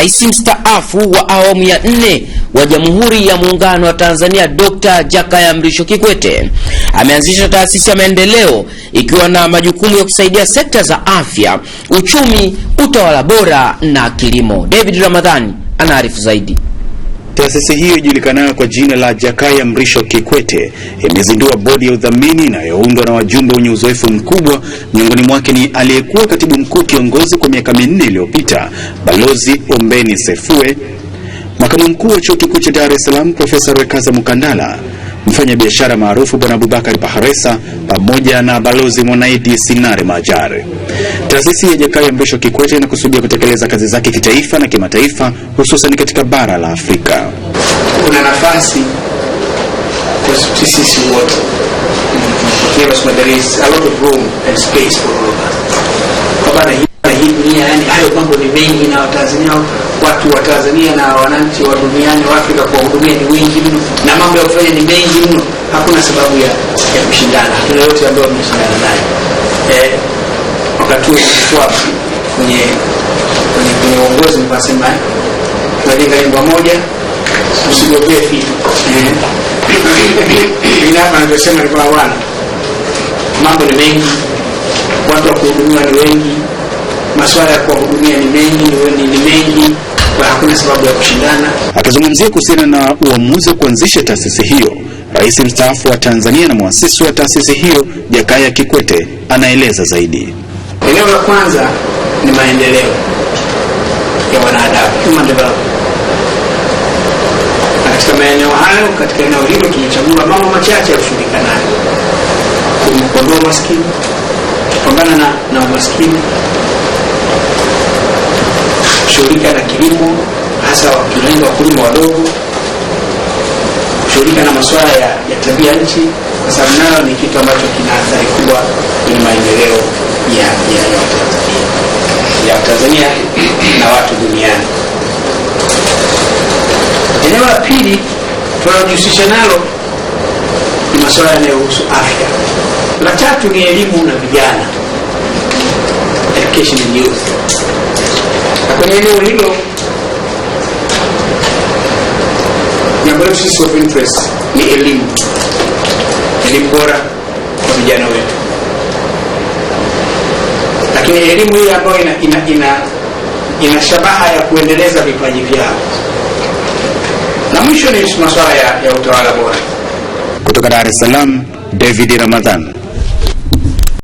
Rais mstaafu wa awamu ya nne wa Jamhuri ya Muungano wa Tanzania Dr. Jakaya Mrisho Kikwete ameanzisha taasisi ya maendeleo ikiwa na majukumu ya kusaidia sekta za afya, uchumi, utawala bora na kilimo. David Ramadhani anaarifu zaidi. Taasisi hiyo ijulikanayo kwa jina la Jakaya Mrisho Kikwete imezindua bodi ya udhamini inayoundwa na wajumbe wenye uzoefu mkubwa. Miongoni mwake ni aliyekuwa katibu mkuu kiongozi kwa miaka minne iliyopita Balozi Ombeni Sefue, makamu mkuu wa chuo kikuu cha Dar es Salaam Profesa Rwekaza Mukandala, mfanyabiashara maarufu Bwana Abubakar Baharesa pamoja na Balozi Mwanaidi Sinare Majare. Taasisi ya Jakaya Mrisho Kikwete inakusudia kutekeleza kazi zake kitaifa na kimataifa hususan katika bara la Afrika. Kuna nafasi kwa sisi wote. Hayo mambo ni mengi na Watanzania watu wa Tanzania na wananchi wa duniani wa Afrika kuwahudumia ni wengi mno, na mambo ya kufanya ni mengi mno. Hakuna sababu ya ya kushindana, hatuna yote ambayo wameshindana naye eh wakati huo kwenye kwenye kwenye uongozi nikasema eh, tunajenga nyumba moja usigombee vitu eh. anavyosema alikuwa wana mambo ni mengi watu wa kuhudumiwa ni wengi maswala ya kuwahudumia ni mengi ni mengi hakuna sababu ya kushindana akizungumzia kuhusiana na uamuzi wa kuanzisha taasisi hiyo rais mstaafu wa tanzania na mwasisi wa taasisi hiyo jakaya kikwete anaeleza zaidi Eneo la kwanza ni maendeleo ya wanadamu, human development. Na katika maeneo hayo, katika eneo hilo tumechagua mambo machache ya nayo kuondoa umaskini, kupambana na, na umaskini, kushughulika na kilimo, hasa tunalenga wakulima wadogo kushughulika na masuala ya, ya tabia nchi, kwa sababu nayo ni kitu ambacho kina athari kubwa kwenye maendeleo ya, ya, ya Tanzania na watu duniani. Eneo la pili tunalojihusisha nalo ni masuala yanayohusu afya. La tatu ni elimu na vijana, education and youth, na kwenye eneo hilo communities of interest ni elimu, elimu bora kwa vijana wetu, lakini elimu hii ambayo ina, ina, ina, ina shabaha ya kuendeleza vipaji vyao. Na mwisho ni masuala ya, ya utawala bora. Kutoka Dar es Salaam, David ramadan